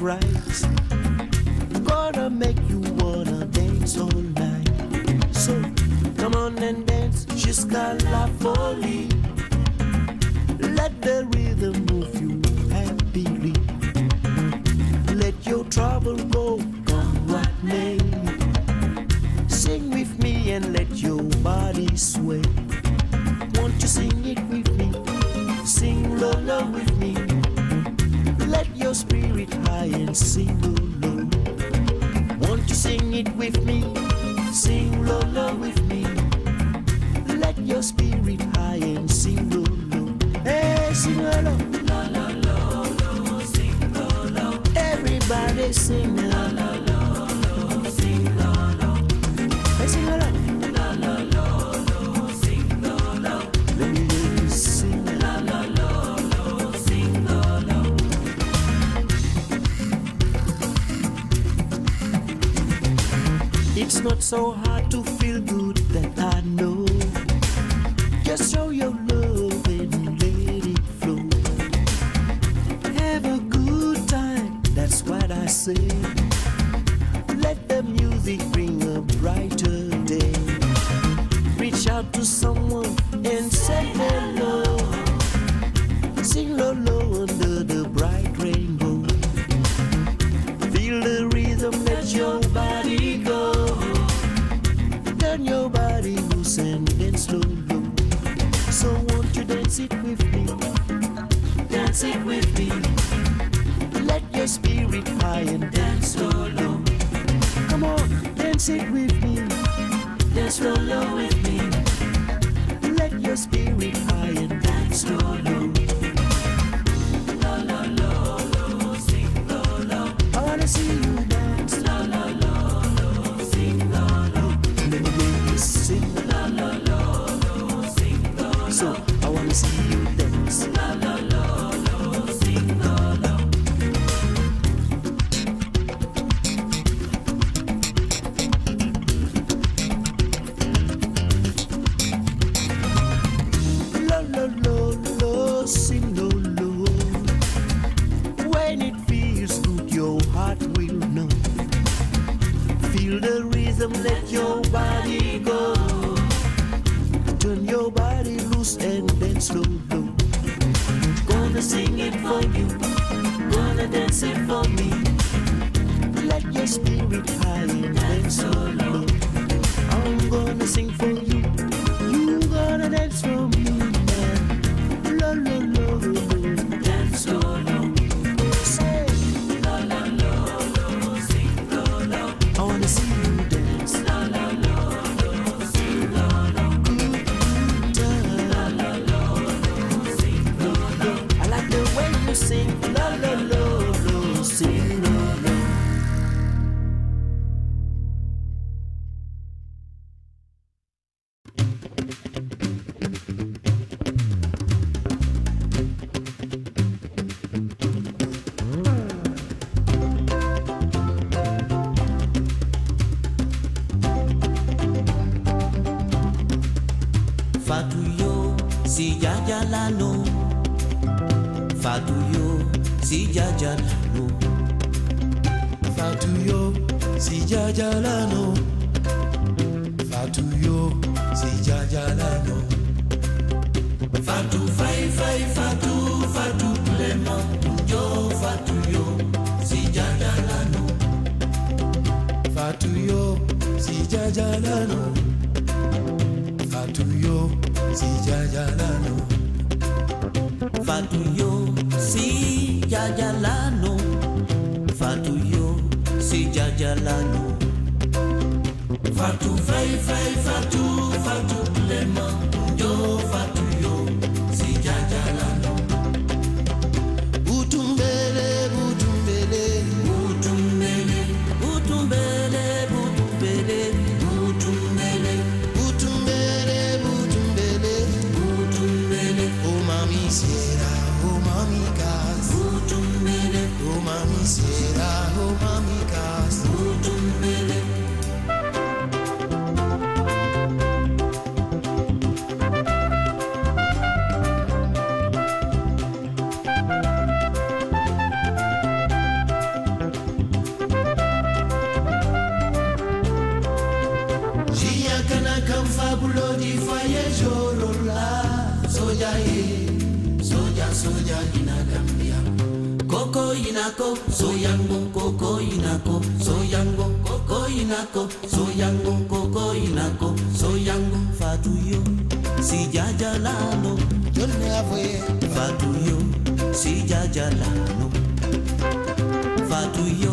right. Gonna make you wanna dance all night. So come on and dance, she's jusqu'à la folie. Let the rhythm move you happily. Let your trouble go, come what may. Sing with me and let your body sway. and sing along. Won't you sing it with me? Sing Lola with me. Let your spirit high and eh, sing Lolo. Hey, sing Lolo. Lolo, Lolo, sing Lolo. Everybody sing not so hard to feel good that I know. Just show your love and let it flow. Have a good time, that's what I say. sit with me. Let's roll low with me. Let your spirit high and dance Rolo. Rolo, Rolo, sing I wanna see you dance. la la, sing Let me you sing. sing So I wanna see you dance. turn your body loose and dance slow, low. Gonna sing it for you, gonna dance it for me. Let your spirit high and dance so low. I'm gonna sing for you. Fatuyo si jajalano Fatuyo si jajalano Fatuyo si jajalano Fatuyo si jajalano Fatu fai fai fatu fatu plema yo fatuyo si jajalano Fatuyo si jajalano Fatuyo si ya ya la no. Fatuyo si ya ya la no. Fatuyo si ya ya la no. Fatu fray fray. fabulo di faye jorola soja e eh. soja soja ina gambia koko inako soyango koko inako soyango koko inako soyango koko inako soyango fatuyo sijajalano jonne afoye fatuyo sijajalano fatuyo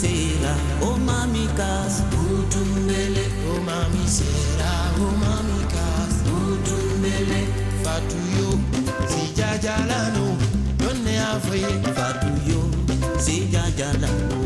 sera, oh mami kas, utumbele, oh mami sera, oh mami kas, utumbele, fatuyo, si jajalano, donne afre, fatuyo, si jajalano.